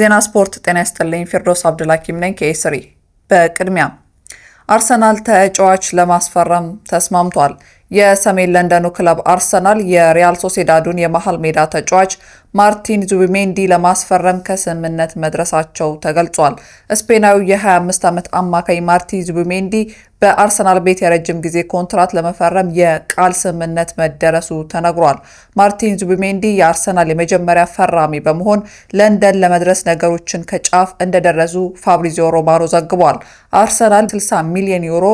ዜና ስፖርት። ጤና ይስጥልኝ። ፊርዶስ አብዱልሐኪም ነኝ ከኤስሪ። በቅድሚያ አርሰናል ተጫዋች ለማስፈረም ተስማምቷል። የሰሜን ለንደኑ ክለብ አርሰናል የሪያል ሶሴዳዱን የመሃል ሜዳ ተጫዋች ማርቲን ዙቢሜንዲ ለማስፈረም ከስምምነት መድረሳቸው ተገልጿል። ስፔናዊ የ25 ዓመት አማካይ ማርቲን ዙቢሜንዲ በአርሰናል ቤት የረጅም ጊዜ ኮንትራት ለመፈረም የቃል ስምምነት መደረሱ ተነግሯል። ማርቲን ዙቢሜንዲ የአርሰናል የመጀመሪያ ፈራሚ በመሆን ለንደን ለመድረስ ነገሮችን ከጫፍ እንደደረሱ ፋብሪዚዮ ሮማኖ ዘግቧል። አርሰናል 60 ሚሊዮን ዩሮ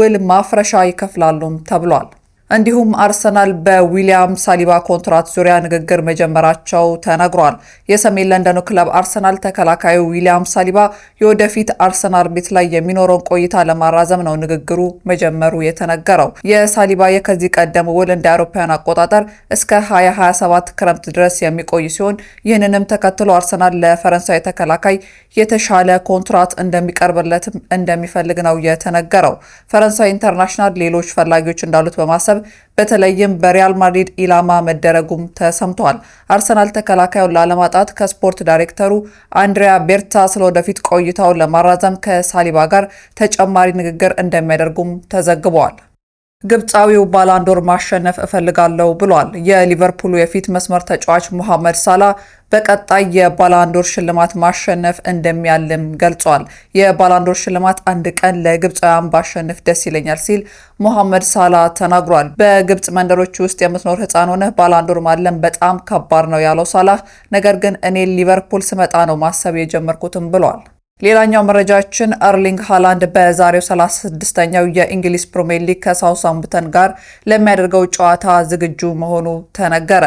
ውል ማፍረሻ ይከፍላሉም ተብሏል። እንዲሁም አርሰናል በዊሊያም ሳሊባ ኮንትራት ዙሪያ ንግግር መጀመራቸው ተነግሯል። የሰሜን ለንደኑ ክለብ አርሰናል ተከላካዩ ዊሊያም ሳሊባ የወደፊት አርሰናል ቤት ላይ የሚኖረውን ቆይታ ለማራዘም ነው ንግግሩ መጀመሩ የተነገረው። የሳሊባ የከዚህ ቀደም ውል እንደ አውሮፓውያን አቆጣጠር እስከ 2027 ክረምት ድረስ የሚቆይ ሲሆን ይህንንም ተከትሎ አርሰናል ለፈረንሳይ ተከላካይ የተሻለ ኮንትራት እንደሚቀርብለትም እንደሚፈልግ ነው የተነገረው። ፈረንሳይ ኢንተርናሽናል ሌሎች ፈላጊዎች እንዳሉት በማሰብ በተለይም በሪያል ማድሪድ ኢላማ መደረጉም ተሰምቷል። አርሰናል ተከላካዩን ላለማጣት ከስፖርት ዳይሬክተሩ አንድሪያ ቤርታ ስለወደፊት ቆይታውን ለማራዘም ከሳሊባ ጋር ተጨማሪ ንግግር እንደሚያደርጉም ተዘግበዋል። ግብፃዊው ባላንዶር ማሸነፍ እፈልጋለሁ ብሏል። የሊቨርፑሉ የፊት መስመር ተጫዋች ሙሐመድ ሳላ በቀጣይ የባላንዶር ሽልማት ማሸነፍ እንደሚያልም ገልጿል። የባላንዶር ሽልማት አንድ ቀን ለግብፃውያን ባሸንፍ ደስ ይለኛል ሲል ሙሐመድ ሳላ ተናግሯል። በግብፅ መንደሮች ውስጥ የምትኖር ሕፃን ሆነህ ባላንዶር ማለም በጣም ከባድ ነው ያለው ሳላ ነገር ግን እኔ ሊቨርፑል ስመጣ ነው ማሰብ የጀመርኩትም ብሏል። ሌላኛው መረጃችን እርሊንግ ሃላንድ በዛሬው 36ኛው የእንግሊዝ ፕሪምየር ሊግ ከሳውሳምፕተን ጋር ለሚያደርገው ጨዋታ ዝግጁ መሆኑ ተነገረ።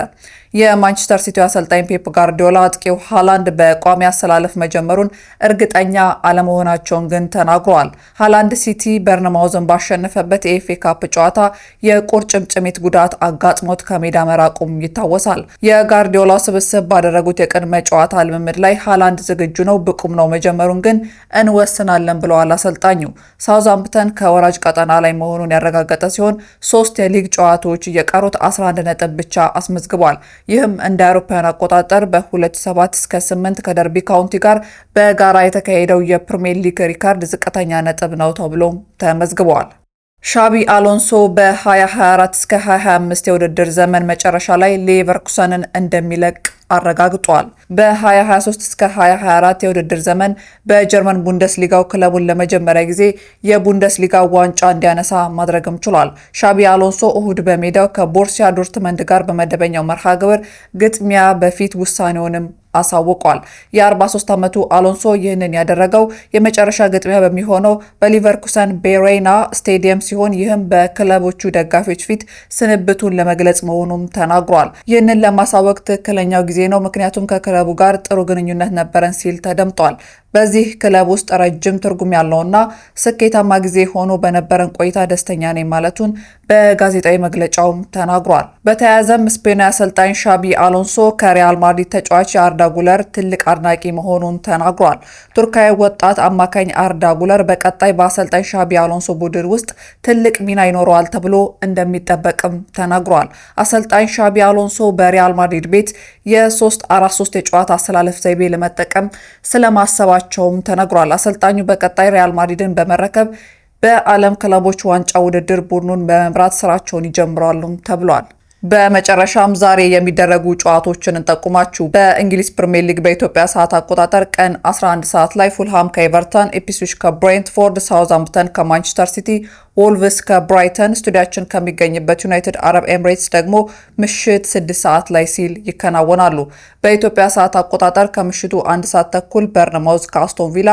የማንቸስተር ሲቲ አሰልጣኝ ፔፕ ጋርዲዮላ አጥቂው ሃላንድ በቋሚ አሰላለፍ መጀመሩን እርግጠኛ አለመሆናቸውን ግን ተናግረዋል። ሃላንድ ሲቲ በርንማውዝን ባሸነፈበት የኤፌ ካፕ ጨዋታ የቁርጭምጭሚት ጉዳት አጋጥሞት ከሜዳ መራቁም ይታወሳል። የጋርዲዮላ ስብስብ ባደረጉት የቅድመ ጨዋታ ልምምድ ላይ ሃላንድ ዝግጁ ነው፣ ብቁም ነው፣ መጀመሩን ግን እንወስናለን ብለዋል አሰልጣኙ። ሳውዛምፕተን ከወራጅ ቀጠና ላይ መሆኑን ያረጋገጠ ሲሆን ሶስት የሊግ ጨዋታዎች እየቀሩት 11 ነጥብ ብቻ አስመዝግቧል። ይህም እንደ አውሮፓውያን አቆጣጠር በ2007 እስከ 8 ከደርቢ ካውንቲ ጋር በጋራ የተካሄደው የፕሪሚየር ሊግ ሪካርድ ዝቅተኛ ነጥብ ነው ተብሎ ተመዝግበዋል። ሻቢ አሎንሶ በ2024 እስከ 2025 የውድድር ዘመን መጨረሻ ላይ ሌቨርኩሰንን እንደሚለቅ አረጋግጧል። በ2023 እስከ 2024 የውድድር ዘመን በጀርመን ቡንደስሊጋው ክለቡን ለመጀመሪያ ጊዜ የቡንደስሊጋ ዋንጫ እንዲያነሳ ማድረግም ችሏል። ሻቢ አሎንሶ እሁድ በሜዳው ከቦርሲያ ዶርትመንድ ጋር በመደበኛው መርሃ ግብር ግጥሚያ በፊት ውሳኔውንም አሳውቋል። የ43 ዓመቱ አሎንሶ ይህንን ያደረገው የመጨረሻ ግጥሚያ በሚሆነው በሊቨርኩሰን ቤሬና ስቴዲየም ሲሆን ይህም በክለቦቹ ደጋፊዎች ፊት ስንብቱን ለመግለጽ መሆኑም ተናግሯል። ይህንን ለማሳወቅ ትክክለኛው ጊዜ ነው፣ ምክንያቱም ከክለቡ ጋር ጥሩ ግንኙነት ነበረን ሲል ተደምጧል። በዚህ ክለብ ውስጥ ረጅም ትርጉም ያለውና ስኬታማ ጊዜ ሆኖ በነበረን ቆይታ ደስተኛ ነኝ ማለቱን በጋዜጣዊ መግለጫውም ተናግሯል። በተያያዘም ስፔናዊ አሰልጣኝ ሻቢ አሎንሶ ከሪያል ማድሪድ ተጫዋች የአርዳ ጉለር ትልቅ አድናቂ መሆኑን ተናግሯል። ቱርካዊ ወጣት አማካኝ አርዳ ጉለር በቀጣይ በአሰልጣኝ ሻቢ አሎንሶ ቡድን ውስጥ ትልቅ ሚና ይኖረዋል ተብሎ እንደሚጠበቅም ተናግሯል። አሰልጣኝ ሻቢ አሎንሶ በሪያል ማድሪድ ቤት የ343 የጨዋታ አሰላለፍ ዘይቤ ለመጠቀም ስለማሰባቸው መሆናቸውም ተነግሯል። አሰልጣኙ በቀጣይ ሪያል ማድሪድን በመረከብ በዓለም ክለቦች ዋንጫ ውድድር ቡድኑን በመምራት ስራቸውን ይጀምራሉም ተብሏል። በመጨረሻም ዛሬ የሚደረጉ ጨዋታዎችን እንጠቁማችሁ። በእንግሊዝ ፕሪምየር ሊግ በኢትዮጵያ ሰዓት አቆጣጠር ቀን 11 ሰዓት ላይ ፉልሃም ከኤቨርተን፣ ኢፕስዊች ከብሬንትፎርድ፣ ሳውዝሃምፕተን ከማንቸስተር ሲቲ፣ ወልቭስ ከብራይተን ስቱዲያችን ከሚገኝበት ዩናይትድ አረብ ኤምሬትስ ደግሞ ምሽት 6 ሰዓት ላይ ሲል ይከናወናሉ። በኢትዮጵያ ሰዓት አቆጣጠር ከምሽቱ አንድ ሰዓት ተኩል በርነማውዝ ከአስቶን ቪላ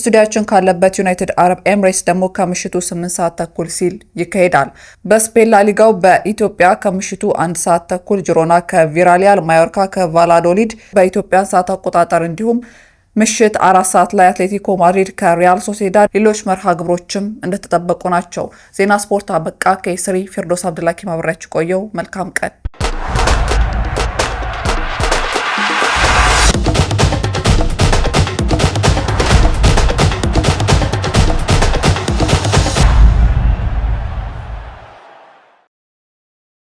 ስቱዲያችን ካለበት ዩናይትድ አረብ ኤምሬትስ ደግሞ ከምሽቱ 8 ሰዓት ተኩል ሲል ይካሄዳል። በስፔን ላሊጋው በኢትዮጵያ ከምሽቱ አንድ ሰዓት ተኩል ጅሮና ከቪራሊያል፣ ማዮርካ ከቫላዶሊድ በኢትዮጵያ ሰዓት አቆጣጠር እንዲሁም ምሽት አራት ሰዓት ላይ አትሌቲኮ ማድሪድ ከሪያል ሶሴዳድ፣ ሌሎች መርሃ ግብሮችም እንደተጠበቁ ናቸው። ዜና ስፖርት አበቃ። ከስሪ ፊርዶስ አብድላኪ ማብሪያችሁ ቆየው። መልካም ቀን